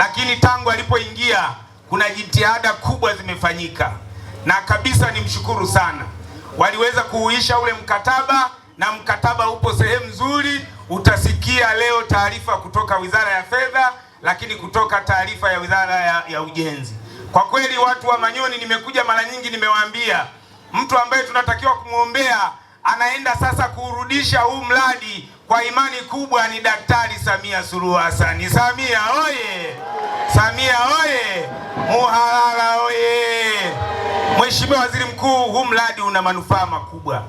Lakini tangu alipoingia kuna jitihada kubwa zimefanyika, na kabisa nimshukuru sana. Waliweza kuuisha ule mkataba, na mkataba upo sehemu nzuri. Utasikia leo taarifa kutoka Wizara ya Fedha, lakini kutoka taarifa ya Wizara ya, ya Ujenzi. Kwa kweli watu wa Manyoni, nimekuja mara nyingi, nimewaambia mtu ambaye tunatakiwa kumwombea anaenda sasa kuurudisha huu mradi kwa imani kubwa ni Daktari Samia Suluhu Hassan. Samia oye! Samia oye! Muhalala oye! Mheshimiwa Waziri Mkuu, huu mradi una manufaa makubwa.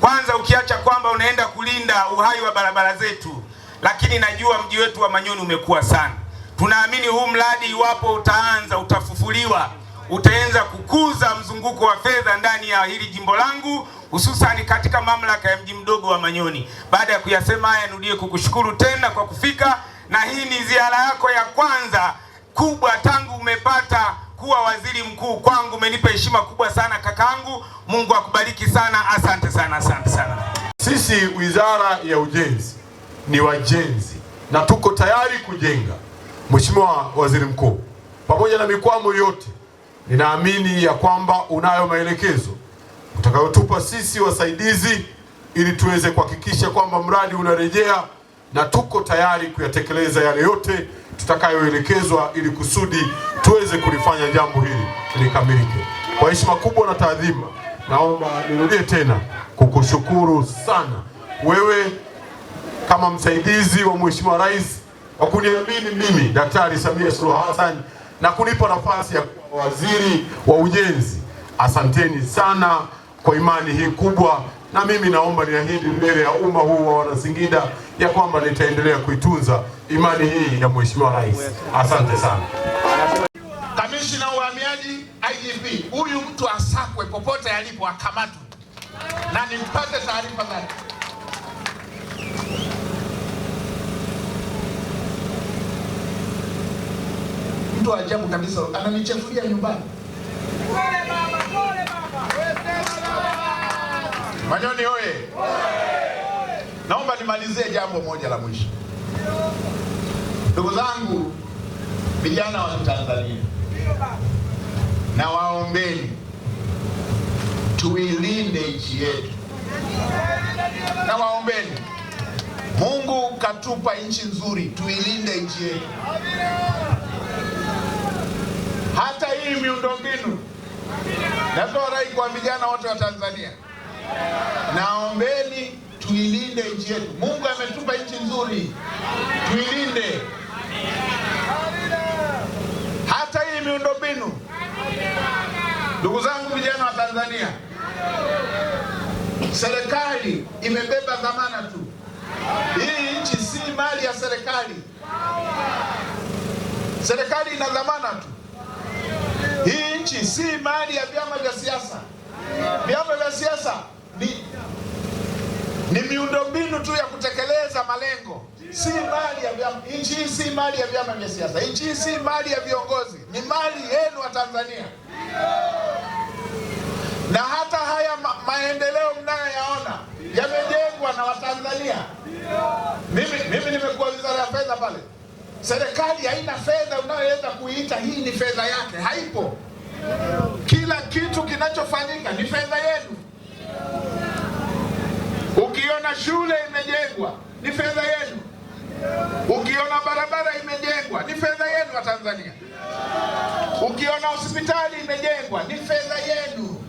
Kwanza ukiacha kwamba unaenda kulinda uhai wa barabara zetu, lakini najua mji wetu wa Manyoni umekuwa sana. Tunaamini huu mradi iwapo utaanza utafufuliwa utaanza kukuza mzunguko wa fedha ndani ya hili jimbo langu hususani katika mamlaka ya mji mdogo wa Manyoni. Baada ya kuyasema haya, nudie kukushukuru tena kwa kufika, na hii ni ziara yako ya kwanza kubwa tangu umepata kuwa waziri mkuu kwangu. Umenipa heshima kubwa sana kakaangu, Mungu akubariki sana, asante sana, asante sana. Sisi wizara ya ujenzi ni wajenzi na tuko tayari kujenga. Mheshimiwa Waziri Mkuu, pamoja na mikwamo yote Ninaamini ya kwamba unayo maelekezo utakayotupa sisi wasaidizi, ili tuweze kuhakikisha kwamba mradi unarejea na tuko tayari kuyatekeleza yale yote tutakayoelekezwa, ili kusudi tuweze kulifanya jambo hili likamilike. Kwa heshima kubwa na taadhima, naomba nirudie tena kukushukuru sana wewe kama msaidizi wa Mheshimiwa Rais kwa kuniamini mimi Daktari Samia Suluhu Hassan na kunipa nafasi ya Waziri wa Ujenzi, asanteni sana kwa imani hii kubwa, na mimi naomba niahidi mbele ya umma huu wa Wanasingida ya kwamba nitaendelea kuitunza imani hii ya Mheshimiwa Rais. Asante sana. Kamishina wa Uhamiaji, IGP, huyu mtu asakwe popote alipo, akamatwe na nimpate taarifa zake. mtu wa ajabu kabisa, ananichafulia nyumbani. Manyoni oye! Naomba nimalizie jambo moja la mwisho, ndugu zangu vijana wa Tanzania, na waombeni tuilinde nchi yetu, na waombeni Mungu katupa nchi nzuri, tuilinde nchi yetu hata hii miundombinu. Natoa rai kwa vijana wote wa Tanzania, naombeni tuilinde nchi yetu. Mungu ametupa nchi nzuri, tuilinde. Hata hii miundombinu, ndugu zangu vijana wa Tanzania, serikali imebeba dhamana tu. Hii nchi si mali ya serikali, serikali ina dhamana tu nchi si mali ya vyama vya siasa. Vyama vya siasa ni, ni miundombinu tu ya kutekeleza malengo, si mali ya vyama. Nchi hii si mali ya vyama vya siasa. Nchi hii si mali ya viongozi, ni mali yenu wa Tanzania. Na hata haya ma maendeleo mnayoyaona yamejengwa na Watanzania. Mimi, mimi nimekuwa wizara ya fedha pale, serikali haina fedha unayoweza kuiita hii ni fedha yake, haipo. Kila kitu kinachofanyika ni fedha yenu. Ukiona shule imejengwa ni fedha yenu. Ukiona barabara imejengwa ni fedha yenu wa Tanzania. Ukiona hospitali imejengwa ni fedha yenu.